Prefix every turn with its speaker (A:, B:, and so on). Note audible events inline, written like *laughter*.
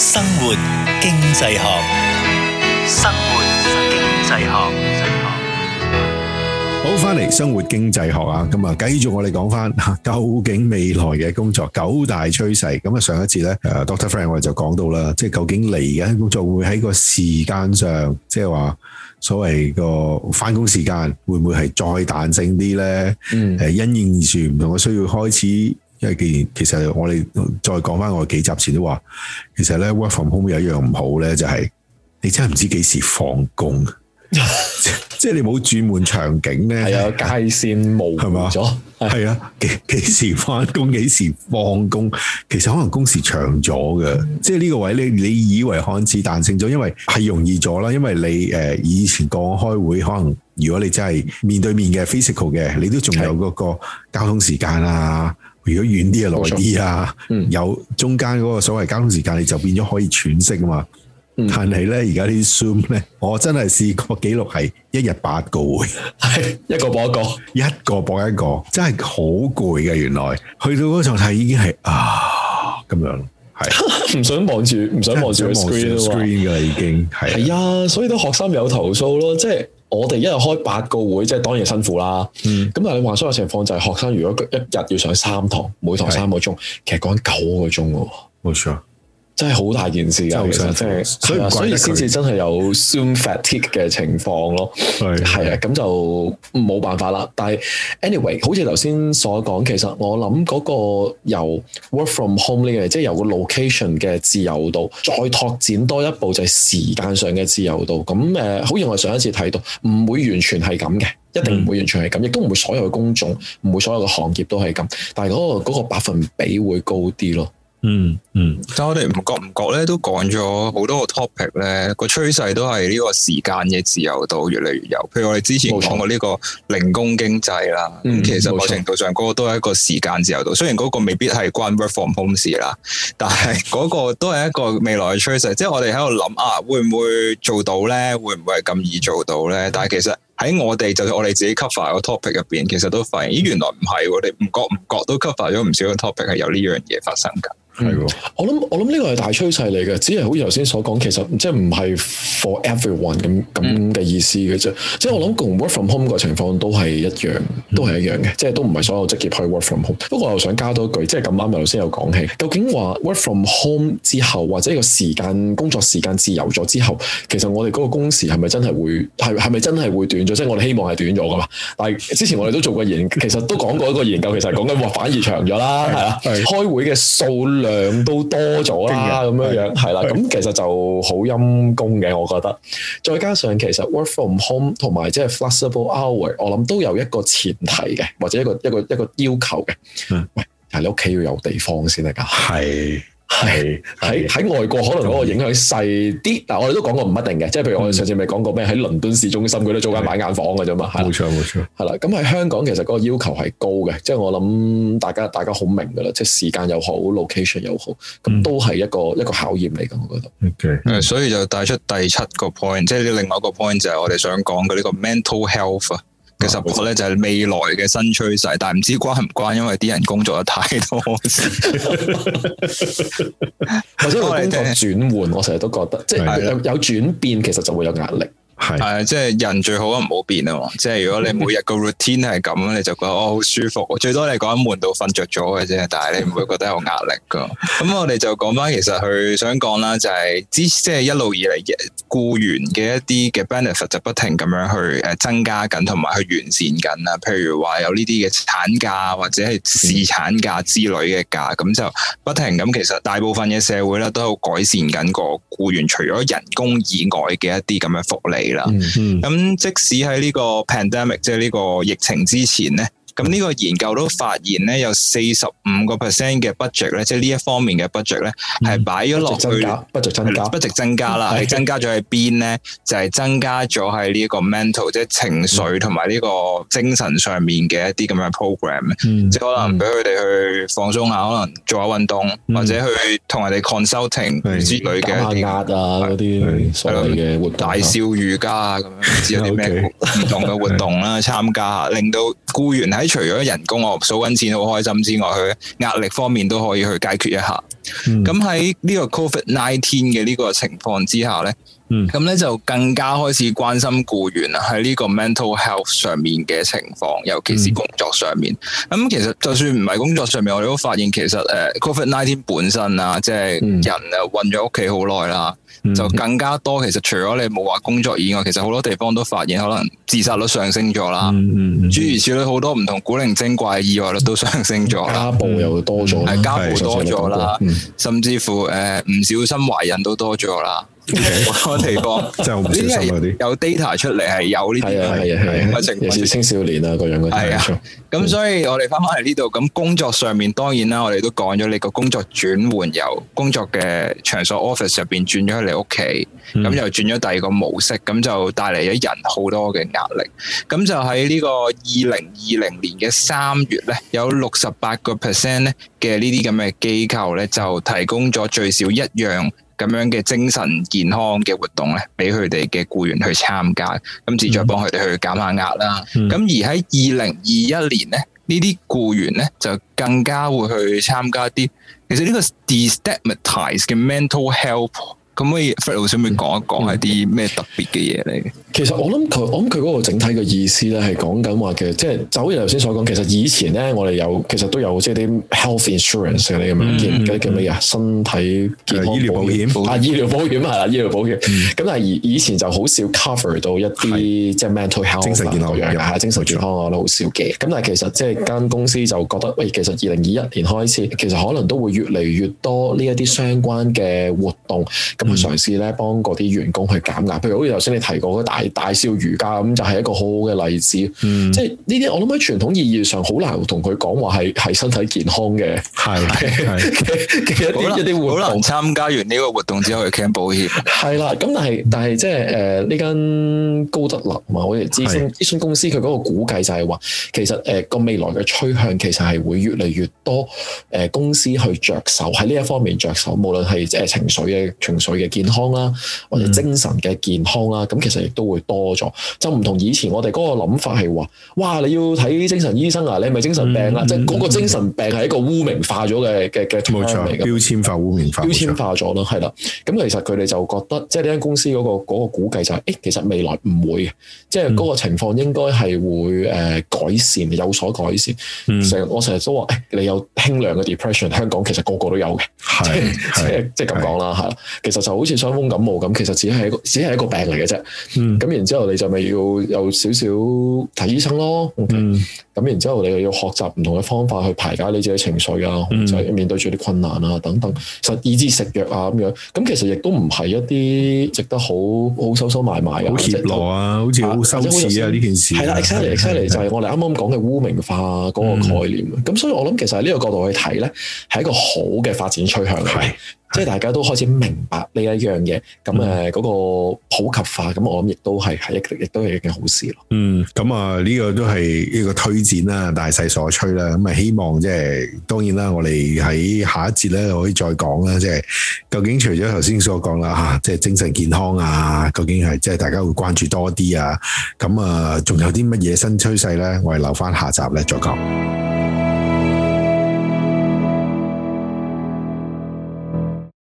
A: 生活經濟學，生活經濟學，好翻嚟！生活經濟學啊，咁啊，繼續我哋講翻，究竟未來嘅工作九大趨勢？咁啊，上一次咧，誒，Doctor Frank 我就講到啦，即、就、係、是、究竟嚟緊嘅工作會喺個時間上，即係話所謂個翻工時間會唔會係再彈性啲咧？嗯，誒，因應住唔同嘅需要開始。因為其實其實我哋再講翻我幾集前都話，其實咧 Work from home 有一樣唔好咧，就係你真係唔知幾時放工， *laughs* 即係你冇轉換場景咧。係啊，界線模糊咗。係啊，幾幾時翻工幾時放工？其實可能工時長咗嘅，即係呢個位咧，你以為看似彈性咗，因為係容易咗啦。因為你誒以前講開會，可能如果你真係面對面嘅 physical 嘅，你都仲有嗰個交通時間啊。的 *laughs* 如果遠啲啊耐啲啊，嗯、有中間嗰個所謂交通時間，你就變咗可以喘息啊嘛。嗯、但係咧，而家啲 Zoom 咧，我真係試過記錄係一日八個會， *laughs* 一個播一個，一個播一個，真係好攰嘅。原來去到嗰狀態已經係啊咁樣，係唔 *laughs* 想望住唔想望住 screen 嘅啦，真 已，已經係
B: 係啊，所以都學生有投訴咯，即係。我哋一日開八個會，即係當然辛苦啦。咁啊，你話所有情況就係學生如果一日要上三堂，每堂三個鐘，的其實講九個鐘喎，冇錯。真係好大件事㗎，其實即係，所以所以先至真係有 Zoom fatigue 嘅情況咯，係係啊，咁就冇辦法啦。但係 Anyway，好似頭先所講，其實我諗嗰個由 work from home 呢個，即係由個 location 嘅自由度，再拓展多一步就係時間上嘅自由度。咁誒，好似我上一次睇到，唔會完全係咁嘅，一定唔會完全係咁，嗯、亦都唔會所有嘅工種，唔會所有嘅行業都係咁。但係嗰、嗰個那個百分比會高啲咯。
C: 嗯嗯，但、嗯、我哋唔覺唔覺咧，都講咗好多個 topic 咧，個趨勢都係呢個時間嘅自由度越嚟越有。譬如我哋之前講過呢個零工經濟啦，嗯、其實某程度上嗰個都係一個時間自由度。嗯、雖然嗰個未必係關 work from home 事啦，但係嗰個都係一個未來嘅趨勢。即係 *laughs* 我哋喺度諗啊，會唔會做到咧？會唔會咁易做到咧？嗯、但係其實喺我哋，就算我哋自己 cover 個 topic 入邊，其實都發現咦，原來唔係喎。我哋唔覺唔覺都 cover 咗唔少 topic 個 topic 係有呢樣嘢發生噶。
B: 係喎，我諗我諗呢個係大趨勢嚟嘅，只係好似頭先所講，其實即係唔係 for everyone 咁咁嘅意思嘅啫。即係我諗，同 work from home 個情況都係一樣，都係一樣嘅，即係都唔係所有職業可 work from home。不過我又想加多一句，即係咁啱頭先有講起，究竟話 work from home 之後或者個時間工作時間自由咗之後，其實我哋嗰個工時係咪真係會係係咪真係會短咗？即係我哋希望係短咗噶嘛？但係之前我哋都做過研，其實都講過一個研究，其實講緊話反而長咗啦，係啊，開會嘅數量。都多咗啊，咁樣樣係啦，咁其實就好陰功嘅，我覺得。再加上其實 work from home 同埋即係 flexible hour，我諗都有一個前提嘅，或者一個一個一個要求嘅。嗯、喂，但你屋企要有地方先得噶。係。係喺喺外國可能嗰個影響細啲，就是，但係我哋都講過唔一定嘅，即係譬如我哋上次咪講過咩，喺倫敦市中心嗰度租間買眼房嘅啫嘛。冇錯冇錯，係啦。咁喺香港其實嗰個要求係高嘅，即係我諗大家大家好明噶啦，即係時間又好，location 又好，咁都係一個，嗯、一個考驗嚟嘅。我覺得。OK，
C: 所以就帶出第七個 point，即係啲另外一個 point 就係我哋想講嘅呢個 mental health 啊。其實我咧就係未來嘅新趨勢，但係唔知道關唔關，因為啲人工作得太多
B: 了， *laughs* *laughs* 或者工作轉換，我成日都覺得，的有有轉變，其實就會有壓力。
C: 係，即係人最好啊，唔好變啊！即係如果你每日個 routine 係咁，你就覺得哦好舒服。最多你嗰晚悶到瞓着咗嘅啫，但係你唔會覺得有壓力噶。咁 *laughs* 我哋就講翻，其實佢想講啦、就是，就係之即係一路以嚟，僱員嘅一啲嘅 benefit 就不停咁樣去誒增加緊，同埋去完善緊啦。譬如話有呢啲嘅產假或者係侍產假之類嘅假，咁就不停咁。其實大部分嘅社會咧都改善緊個僱員除咗人工以外嘅一啲咁嘅福利。咁、 *noise* 嗯嗯、即使喺呢個 pandemic，即係呢個疫情之前咧。咁呢個研究都發現咧，有四十五個 percent 嘅 budget 咧，即係呢一方面嘅 budget 咧，係擺咗落去 budget 增加，budget 增加啦。係增加咗喺是邊咧？就係、是、增加咗喺呢個 mental，即係情緒同埋呢個精神上面嘅一啲咁樣 program，、嗯、即係可能俾佢哋去放鬆下，可能做下運動，嗯、或者去同人哋 consulting、嗯、之類嘅減下壓啊嗰啲係咯嘅活動，大笑瑜伽啊咁樣，唔知有啲咩唔同嘅活動啦參 *laughs* *laughs* 加，令到僱員喺除咗人工我數緊錢好開心之外，佢壓力方面都可以去解決一下。咁喺呢個 COVID-19 嘅呢個情況之下咧。咁咧就更加開始關心僱員啊喺呢個 mental health 上面嘅情況，尤其是工作上面。咁其實就算唔係工作上面，我哋都發現其實誒 COVID-19 本身啊，即係人啊困咗屋企好耐啦，就更加多。其實除咗你冇話工作以外，其實好多地方都發現可能自殺率上升咗啦。諸如此類好多唔同古靈精怪意外率都上升咗。家暴又多咗，家暴多咗啦，甚至乎誒唔小心懷孕都多咗啦。個地方就唔小心嗰啲，有 data 出嚟，係有呢啲係啊係啊係啊個情況，有少青少年啊嗰樣嗰啲係啊，咁所以我哋翻翻嚟呢度，咁工作上面當然啦，我哋都講咗你個工作轉換由工作嘅場所 office 入邊轉咗去你屋企，咁又轉咗第二個模式，咁就帶嚟咗人好多嘅壓力。咁就喺呢個二零二零年嘅三月咧，有六十八個 percent 咧嘅呢啲咁嘅機構咧，就提供咗最少一樣。咁樣嘅精神健康嘅活動咧，俾佢哋嘅僱員去參加，咁至再幫佢哋去減下壓啦。咁、嗯、而喺二零二一年咧，呢啲僱員咧就更加會去參加啲，其實呢個 de-stigmatized 嘅 mental health 咁可以弗勞、嗯、想唔想講一講係啲咩特別嘅嘢嚟嘅？嗯嗯 *laughs*
B: 其實我諗佢，我諗佢嗰個整體嘅意思咧，係講緊話嘅，其實即係就好似頭先所講，其實以前咧，我哋有其實都有即係啲 health insurance 嗰啲咁樣嘅，嗰啲叫乜嘢啊？身體健康保險啊，醫療保險係啦，醫療保險。咁但係以前就好少 cover 到一啲即係 mental health 精神健康啊，係精神健康我都好少嘅。咁但係其實即係間公司就覺得，喂，其實二零二一年開始，其實可能都會越嚟越多呢一啲相關嘅活動，咁去嘗試咧，幫嗰啲員工去減壓。譬如好似頭先你提過大大笑瑜伽咁就係一個好好嘅例子，嗯、即係呢啲我諗喺傳統意義上好難同佢講話係係身體健康嘅。
C: 係，其實呢一啲些難活動，好難參加完呢個活動之
B: 後去傾保險。係啦， *laughs* 咁但係但係即係誒呢間高德納啊，我哋諮詢諮詢公司佢嗰個估計就係話，其實誒個、呃、未來嘅趨向其實係會越嚟越多誒、呃、公司去着手喺呢一方面着手，無論係誒情緒嘅情緒嘅健康啦，或者精神嘅健康啦，咁其實亦都會。多咗就唔同以前，我哋嗰個諗法係話：哇，你要睇精神醫生啊，你係咪精神病呀！即係嗰個精神病係一個污名化咗嘅嘅嘅標籤嚟嘅。標籤化污名化，標籤化咗咯，係啦。咁其實佢哋就覺得，即係呢間公司嗰個個估計就係，誒，其實未來唔會嘅，即係嗰個情況應該係會誒改善，有所改善。成我成日都話，誒，你有輕量嘅 depression，香港其實個個都有嘅，即係即係咁講啦，係啦。其實就好似傷風感冒咁，其實只係一個只係一個病嚟嘅啫。咁然之後，你就咪要有少少睇醫生咯。咁然之後，你又要學習唔同嘅方法去排解你自己情緒啊，就係面對住啲困難啊等等。實以至食藥啊咁樣，咁其實亦都唔係一啲值得好好收收埋埋嘅。好怯懦啊，好似好羞恥啊呢件事。係啦，exactly，exactly 就係我哋啱啱講嘅污名化嗰個概念。咁所以我諗其實喺呢個角度去睇咧，係一個好嘅發展趨向嚟。即係大家都開始明白呢一樣嘢，咁誒嗰個普及化，咁我諗亦都係係一亦都係一件好事咯。
A: 嗯，咁啊呢個都係一個推展啦，大勢所趨啦。咁啊希望即係當然啦，我哋喺下一節咧可以再講啦。即係究竟除咗頭先所講啦吓，即係精神健康啊，究竟係即係大家會關注多啲啊？咁啊仲有啲乜嘢新趨勢咧？我哋留翻下集咧再講。